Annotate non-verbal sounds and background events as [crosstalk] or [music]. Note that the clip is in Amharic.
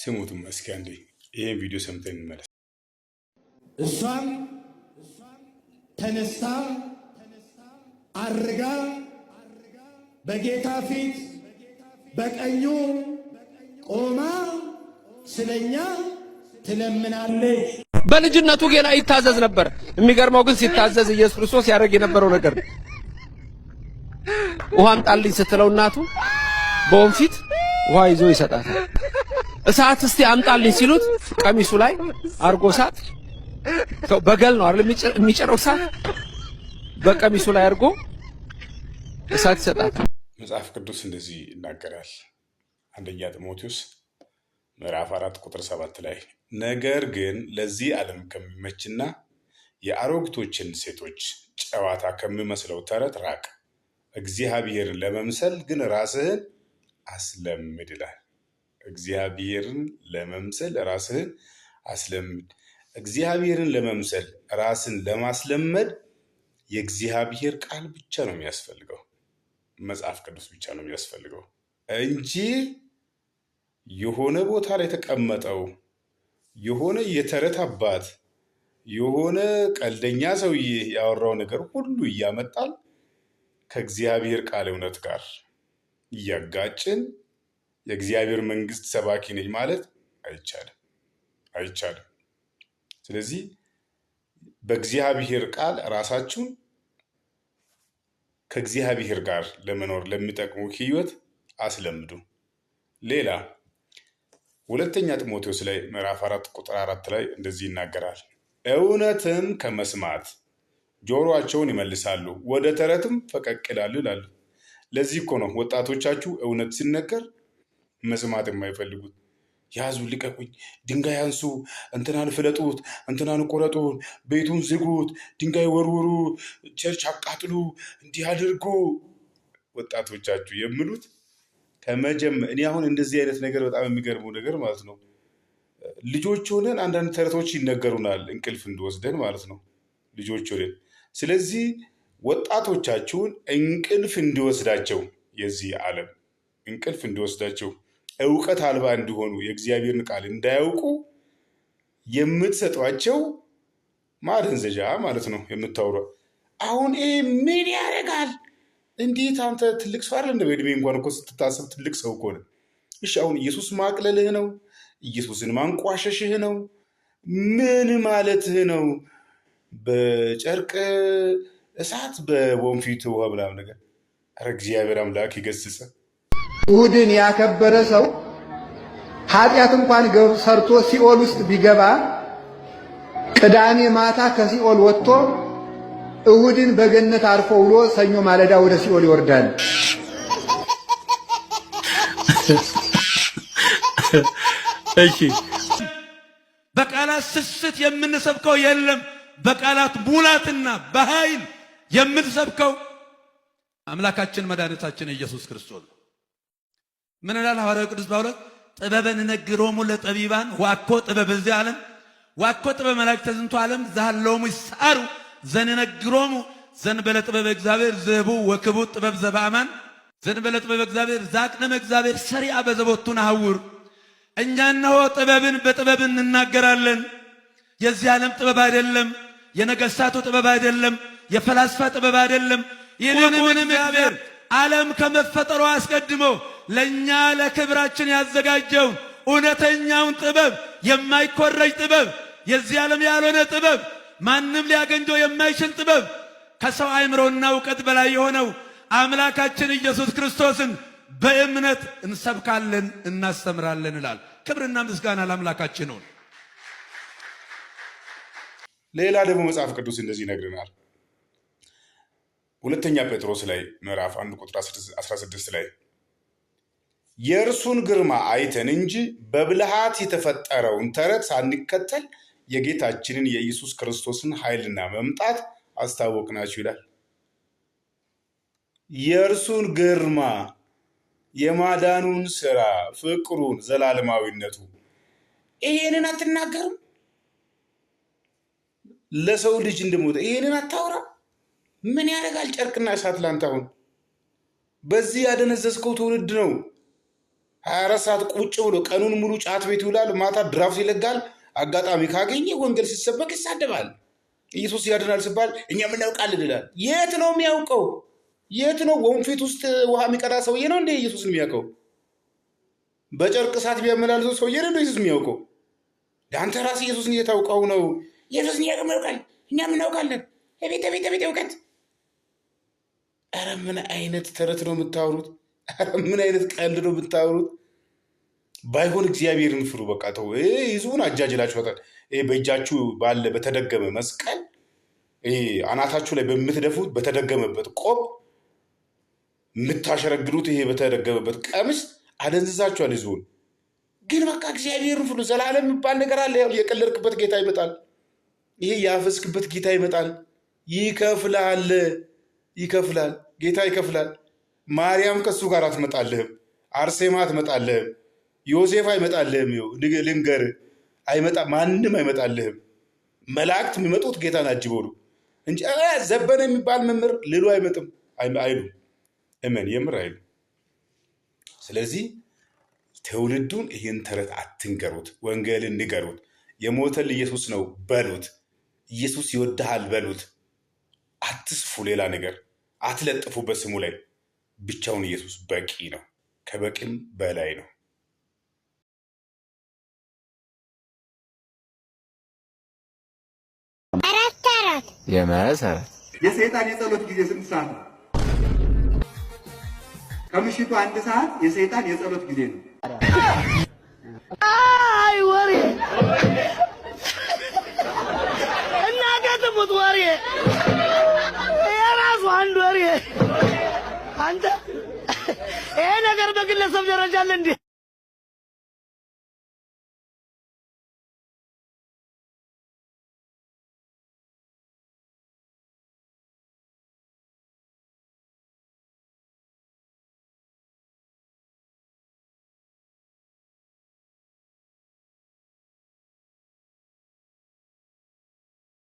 ስሙትም እስኪ አንዴ ይህን ቪዲዮ ሰምተን እንመለስ። እሷም ተነስታ አርጋ በጌታ ፊት በቀኙ ቆማ ስለኛ ትለምናለች። በልጅነቱ ገና ይታዘዝ ነበር። የሚገርመው ግን ሲታዘዝ ኢየሱስ ክርስቶስ ያደርግ የነበረው ነገር ውሃም ጣልኝ ስትለው እናቱ በወንፊት ውሃ ይዞ ይሰጣታል። እሳት እስቲ አምጣልኝ ሲሉት ቀሚሱ ላይ አርጎ እሳት በገል ነው አይደል የሚጨረው እሳት በቀሚሱ ላይ አርጎ እሳት ይሰጣል። መጽሐፍ ቅዱስ እንደዚህ ይናገራል። አንደኛ ጢሞቴዎስ ምዕራፍ አራት ቁጥር ሰባት ላይ ነገር ግን ለዚህ ዓለም ከሚመችና የአሮጊቶችን ሴቶች ጨዋታ ከሚመስለው ተረት ራቅ፣ እግዚአብሔርን ለመምሰል ግን ራስህን አስለምድ ይላል። እግዚአብሔርን ለመምሰል ራስህን አስለምድ። እግዚአብሔርን ለመምሰል ራስን ለማስለመድ የእግዚአብሔር ቃል ብቻ ነው የሚያስፈልገው፣ መጽሐፍ ቅዱስ ብቻ ነው የሚያስፈልገው እንጂ የሆነ ቦታ ላይ የተቀመጠው የሆነ የተረት አባት የሆነ ቀልደኛ ሰውዬ ያወራው ነገር ሁሉ እያመጣል ከእግዚአብሔር ቃል እውነት ጋር እያጋጭን የእግዚአብሔር መንግስት ሰባኪ ነኝ ማለት አይቻልም አይቻልም። ስለዚህ በእግዚአብሔር ቃል ራሳችሁን ከእግዚአብሔር ጋር ለመኖር ለሚጠቅሙ ህይወት አስለምዱ። ሌላ ሁለተኛ ጢሞቴዎስ ላይ ምዕራፍ አራት ቁጥር አራት ላይ እንደዚህ ይናገራል። እውነትም ከመስማት ጆሮአቸውን ይመልሳሉ፣ ወደ ተረትም ፈቀቅ ይላሉ ይላሉ። ለዚህ እኮ ነው ወጣቶቻችሁ እውነት ሲነገር መስማት የማይፈልጉት ያዙ፣ ልቀቁኝ፣ ድንጋይ አንሱ፣ እንትናን ፍለጡት፣ እንትናን ቆረጡ፣ ቤቱን ዝጉት፣ ድንጋይ ወርውሩ፣ ቸርች አቃጥሉ፣ እንዲህ አድርጉ ወጣቶቻችሁ የሚሉት ከመጀመ እኔ አሁን እንደዚህ አይነት ነገር በጣም የሚገርመው ነገር ማለት ነው ልጆች ሆነን አንዳንድ ተረቶች ይነገሩናል እንቅልፍ እንድወስደን ማለት ነው ልጆች ሆነን ስለዚህ ወጣቶቻችሁን እንቅልፍ እንዲወስዳቸው የዚህ ዓለም እንቅልፍ እንዲወስዳቸው እውቀት አልባ እንዲሆኑ የእግዚአብሔርን ቃል እንዳያውቁ የምትሰጧቸው ማደንዘዣ ማለት ነው የምታውሯ። አሁን ይህ ምን ያደርጋል? እንዴት አንተ ትልቅ ሰው እንደ በእድሜ እንኳን እኮ ስትታሰብ ትልቅ ሰው እኮ ነው። እሺ አሁን ኢየሱስ ማቅለልህ ነው? ኢየሱስን ማንቋሸሽህ ነው? ምን ማለትህ ነው? በጨርቅ እሳት በወንፊት ውሃ ምናምን ነገር። ኧረ እግዚአብሔር አምላክ ይገስጸ እሁድን ያከበረ ሰው ኃጢአት እንኳን ሰርቶ ሲኦል ውስጥ ቢገባ ቅዳሜ ማታ ከሲኦል ወጥቶ እሁድን በገነት አርፎ ውሎ ሰኞ ማለዳ ወደ ሲኦል ይወርዳል። እሺ፣ በቃላት ስስት የምንሰብከው የለም። በቃላት ሙላትና በኃይል የምንሰብከው አምላካችን መድኃኒታችን ኢየሱስ ክርስቶስ ነው። ምን ይላል ሐዋርያው ቅዱስ ጳውሎስ? ጥበበን ነግሮሙ ለጠቢባን ዋኮ ጥበብ በዚህ ዓለም ዋኮ ጥበብ መላእክት ተዝንቱ ዓለም ዛሃለሙ ይሳሩ ዘንነግሮሙ ዘንበለ ጥበብ እግዚአብሔር ዘቡ ወክቡ ጥበብ ዘበአማን ዘንበለ ጥበብ እግዚአብሔር ዛቅነመ እግዚአብሔር ሰሪአ በዘቦቱ ነሐውር። እኛ እነሆ ጥበብን በጥበብ እንናገራለን። የዚህ ዓለም ጥበብ አይደለም፣ የነገሥታቱ ጥበብ አይደለም፣ የፈላስፋ ጥበብ አይደለም። ይልቁንም እግዚአብሔር ዓለም ከመፈጠሩ አስቀድሞ ለእኛ ለክብራችን ያዘጋጀውን እውነተኛውን ጥበብ፣ የማይኮረጅ ጥበብ፣ የዚህ ዓለም ያልሆነ ጥበብ፣ ማንም ሊያገኘው የማይችል ጥበብ፣ ከሰው አእምሮና እውቀት በላይ የሆነው አምላካችን ኢየሱስ ክርስቶስን በእምነት እንሰብካለን እናስተምራለን ይላል። ክብርና ምስጋና ለአምላካችን ነው። ሌላ ደግሞ መጽሐፍ ቅዱስ እንደዚህ ይነግርናል ሁለተኛ ጴጥሮስ ላይ ምዕራፍ አንድ ቁጥር 16 ላይ የእርሱን ግርማ አይተን እንጂ በብልሃት የተፈጠረውን ተረት ሳንከተል የጌታችንን የኢየሱስ ክርስቶስን ኃይልና መምጣት አስታወቅናችሁ ይላል። የእርሱን ግርማ የማዳኑን ስራ፣ ፍቅሩን፣ ዘላለማዊነቱ ይሄንን አትናገርም? ለሰው ልጅ እንደሞተ ይሄንን አታውራ? ምን ያደርጋል? ጨርቅና እሳት ላንተ አሁን በዚህ ያደነዘዝከው ትውልድ ነው። ሀያ አራት ሰዓት ቁጭ ብሎ ቀኑን ሙሉ ጫት ቤት ይውላል፣ ማታ ድራፍት ይለጋል። አጋጣሚ ካገኘ ወንጌል ሲሰበክ ይሳደባል። ኢየሱስ ያድናል ሲባል እኛ የምናውቃለን ይላል። የት ነው የሚያውቀው? የት ነው ወንፊት ውስጥ ውሃ የሚቀዳ ሰውዬ ነው እንደ ኢየሱስ የሚያውቀው? በጨርቅ እሳት ቢያመላልሰው ሰውዬ ነው ኢየሱስ የሚያውቀው? አንተ ራስ ኢየሱስን እየታውቀው ነው። ኢየሱስን እያቅም ያውቃል፣ እኛም እናውቃለን። ቤት ቤት ቤት እውቀት። ኧረ ምን አይነት ተረት ነው የምታወሩት? [laughs] ምን አይነት ቀልድ ነው የምታወሩት? ባይሆን እግዚአብሔርን ፍሩ። በቃ ተው። ህዝቡን አጃጅላችኋታል። በእጃችሁ ባለ በተደገመ መስቀል አናታችሁ ላይ በምትደፉት በተደገመበት ቆብ የምታሸረግዱት ይሄ በተደገመበት ቀሚስ አደንዝዛችኋል ህዝቡን። ግን በቃ እግዚአብሔርን ፍሩ። ዘላለም የሚባል ነገር አለ። የቀለድክበት ጌታ ይመጣል። ይሄ ያፈስክበት ጌታ ይመጣል። ይከፍላል፣ ይከፍላል፣ ጌታ ይከፍላል። ማርያም ከሱ ጋር አትመጣልህም፣ አርሴማ አትመጣልህም፣ ዮሴፍ አይመጣልህም። ልንገር አይመጣ ማንም አይመጣልህም። መላእክት የሚመጡት ጌታን አጅበው ነው እንጂ ዘበነ የሚባል መምህር ልሉ አይመጥም አይሉ እመን የምር አይሉ። ስለዚህ ትውልዱን ይህን ተረት አትንገሩት፣ ወንጌልን ንገሩት። የሞተል ኢየሱስ ነው በሉት። ኢየሱስ ይወድሃል በሉት። አትስፉ፣ ሌላ ነገር አትለጥፉ በስሙ ላይ ብቻውን ኢየሱስ በቂ ነው፣ ከበቂም በላይ ነው። የመሰረት የሰይጣን የጸሎት ጊዜ ስንት ሰዓት ነው? ከምሽቱ አንድ ሰዓት የሰይጣን የጸሎት ጊዜ ነው። አይ ወሬ ወሬ አንተ ይሄ ነገር በግለሰብ ደረጃ አለ እንዴ?